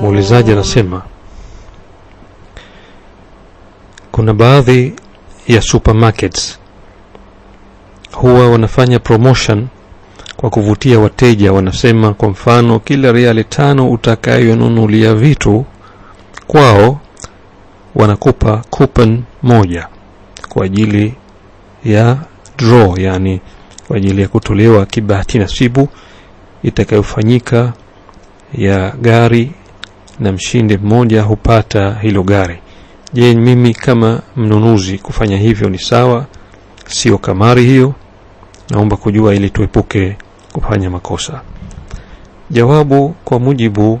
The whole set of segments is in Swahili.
Muulizaji anasema kuna baadhi ya supermarkets huwa wanafanya promotion kwa kuvutia wateja. Wanasema kwa mfano, kila riali tano utakayonunulia vitu kwao wanakupa coupon moja kwa ajili ya withdraw yani kwa ajili ya kutolewa kibahati nasibu itakayofanyika ya gari na mshindi mmoja hupata hilo gari. Je, mimi kama mnunuzi kufanya hivyo ni sawa? Sio kamari hiyo? Naomba kujua ili tuepuke kufanya makosa. Jawabu, kwa mujibu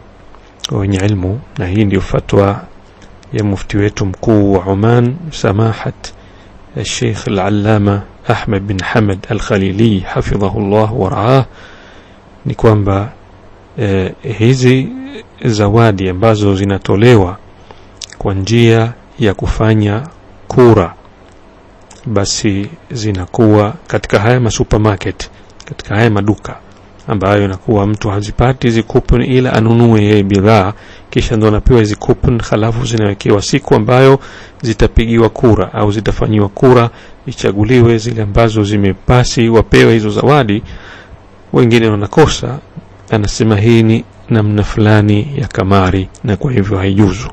wa wenye ilmu, na hii ndiyo fatwa ya mufti wetu mkuu wa Oman Samahat الشيخ العلامة Ahmed bin Hamad al-Khalili hafidhahullah warah ni kwamba eh, hizi zawadi ambazo zinatolewa kwa njia ya kufanya kura basi zinakuwa katika haya masupermarket katika haya maduka ambayo inakuwa mtu hazipati hizi kuponi ila anunue yeye bidhaa kisha ndo anapewa hizi coupon, halafu zinawekewa siku ambayo zitapigiwa kura au zitafanyiwa kura ichaguliwe zile ambazo zimepasi wapewe hizo zawadi. Wengine wanakosa, anasema hii ni namna fulani ya kamari, na kwa hivyo haijuzu,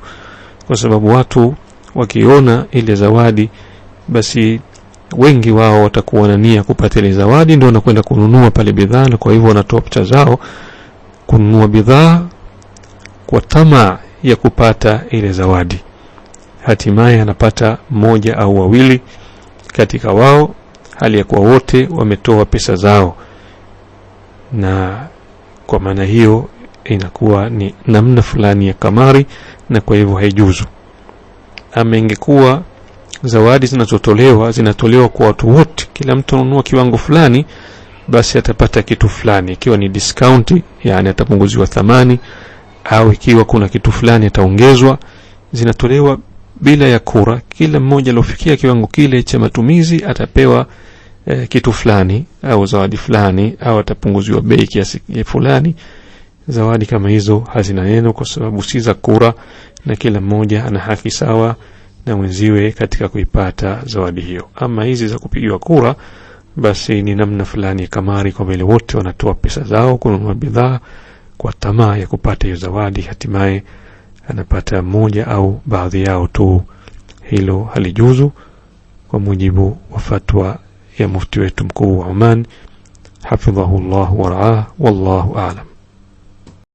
kwa sababu watu wakiona ile zawadi, basi wengi wao watakuwa na nia kupata ile zawadi, ndio wanakwenda kununua pale bidhaa, na kwa hivyo wanatoa picha zao kununua bidhaa kwa tamaa ya kupata ile zawadi. Hatimaye anapata mmoja au wawili katika wao, hali ya kuwa wote wametoa pesa zao, na kwa maana hiyo inakuwa ni namna fulani ya kamari, na kwa hivyo haijuzu. Ama ingekuwa zawadi zinazotolewa zinatolewa kwa watu wote, kila mtu anunua kiwango fulani, basi atapata kitu fulani, ikiwa ni discount, yani atapunguziwa thamani au ikiwa kuna kitu fulani ataongezwa, zinatolewa bila ya kura. Kila mmoja aliofikia kiwango kile cha matumizi atapewa eh, kitu fulani au zawadi fulani au atapunguziwa bei kiasi fulani. Zawadi kama hizo hazina neno, kwa sababu si za kura, na kila mmoja ana haki sawa na mwenziwe katika kuipata zawadi hiyo. Ama hizi za kupigiwa kura, basi ni namna fulani ya kamari, kwa vile wote wanatoa pesa zao kununua bidhaa kwa tamaa ya kupata hiyo zawadi, hatimaye anapata moja au baadhi yao tu. Hilo halijuzu kwa mujibu wa fatwa ya mufti wetu mkuu wa Oman hafidhahu llahu waraah, wallahu alam